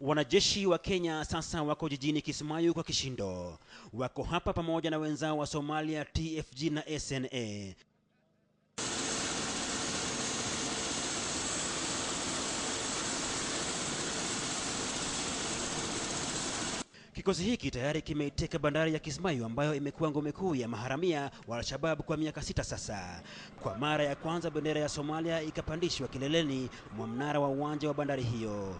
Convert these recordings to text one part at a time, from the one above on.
Wanajeshi wa Kenya sasa wako jijini Kismayu kwa kishindo. Wako hapa pamoja na wenzao wa Somalia, TFG na SNA. Kikosi hiki tayari kimeiteka bandari ya Kismayu ambayo imekuwa ngome kuu ya maharamia wa Al-Shabab kwa miaka sita sasa. Kwa mara ya kwanza bendera ya Somalia ikapandishwa kileleni mwa mnara wa uwanja wa bandari hiyo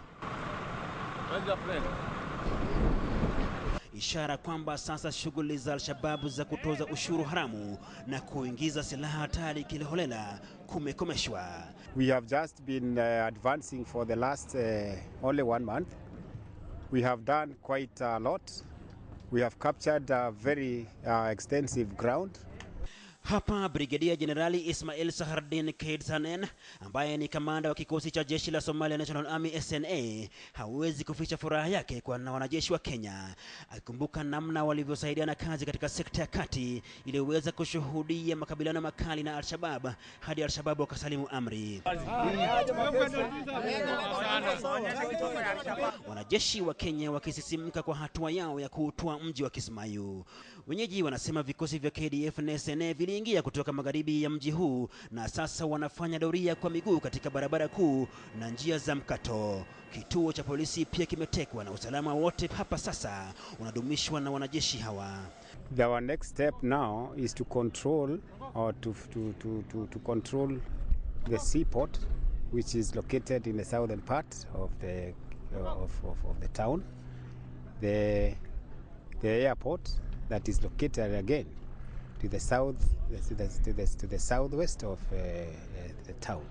ishara kwamba sasa shughuli za Alshababu za kutoza ushuru haramu na kuingiza silaha hatari kiliholela kumekomeshwa. We have just been uh, advancing for the last uh, only one month. We have done quite a lot. We have captured a very uh, extensive ground. Hapa Brigedia Jenerali Ismail Sahardin Kaid ambaye ni kamanda wa kikosi cha jeshi la Somalia National Army SNA hawezi kuficha furaha yake kwa na wanajeshi wa Kenya, akikumbuka namna walivyosaidiana kazi katika sekta ya kati iliyoweza kushuhudia makabiliano makali na Al-Shabab hadi Al-Shabab wakasalimu amri. Wanajeshi wa Kenya wakisisimka kwa hatua yao ya kuutwa mji wa Kismayu. Wenyeji wanasema vikosi vya KDF na SNA viliingia kutoka magharibi ya mji huu na sasa wanafanya doria kwa miguu katika barabara kuu na njia za mkato. Kituo cha polisi pia kimetekwa na usalama wote hapa sasa unadumishwa na wanajeshi hawa. Our next step now is to control or to, to, to, to, to control the seaport which is located in the southern part of the, uh, of, of, of the town. The, the airport that is located again to the south to the, to the, to the southwest of uh, uh the town.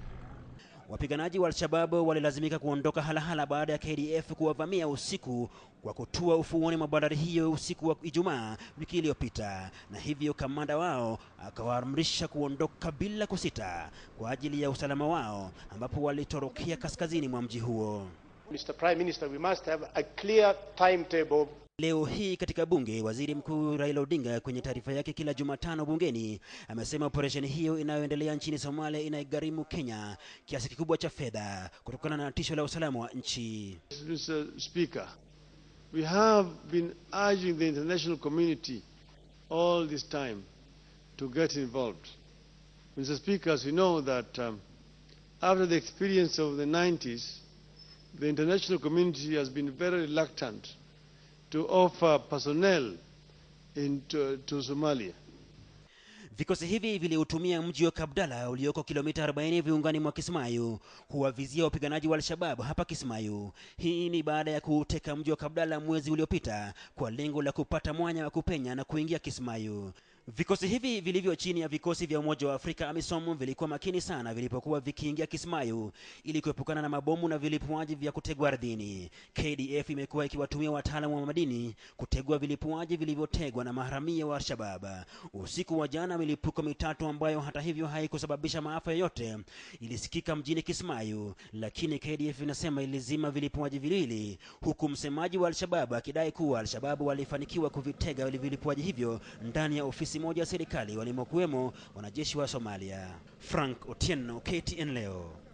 Wapiganaji wa Al-Shabaab walilazimika kuondoka halahala baada ya KDF kuwavamia usiku kwa kutua ufuoni mwa bandari hiyo usiku wa Ijumaa wiki iliyopita, na hivyo kamanda wao akawaamrisha kuondoka bila kusita kwa ajili ya usalama wao, ambapo walitorokea kaskazini mwa mji huo. Mr. Prime Minister, we must have a clear timetable Leo hii katika bunge, waziri mkuu Raila Odinga kwenye taarifa yake kila Jumatano bungeni amesema operesheni hiyo inayoendelea nchini Somalia inaigharimu Kenya kiasi kikubwa cha fedha kutokana na tisho la usalama wa nchi. Mr. Speaker, we have been urging the international community all this time to get involved. Mr. Speaker, as we know that um, after the experience of the 90s, the international community has been very reluctant to offer personnel into, to Somalia. Vikosi hivi viliutumia mji wa Kabdala ulioko kilomita 40 viungani mwa Kismayu kuwavizia wapiganaji wa al shabab hapa Kismayu. Hii ni baada ya kuuteka mji wa Kabdala mwezi uliopita kwa lengo la kupata mwanya wa kupenya na kuingia Kismayu. Vikosi hivi vilivyo chini ya vikosi vya Umoja wa Afrika AMISOM vilikuwa makini sana vilipokuwa vikiingia Kismayu ili kuepukana na mabomu na vilipuaji vya kutegwa ardhini. KDF imekuwa ikiwatumia wataalamu wa madini kutegua vilipuaji vilivyotegwa na maharamia wa Al-Shabaab. Usiku wa jana, milipuko mitatu ambayo hata hivyo haikusababisha maafa yoyote ilisikika mjini Kismayu, lakini KDF inasema ilizima vilipuaji viwili, huku msemaji wa Al-Shabaab akidai kuwa Al-Shabaab walifanikiwa kuvitega vilipuaji hivyo ndani ya ofisi moja ya serikali walimokuwemo wanajeshi wa Somalia. Frank Otieno, KTN Leo.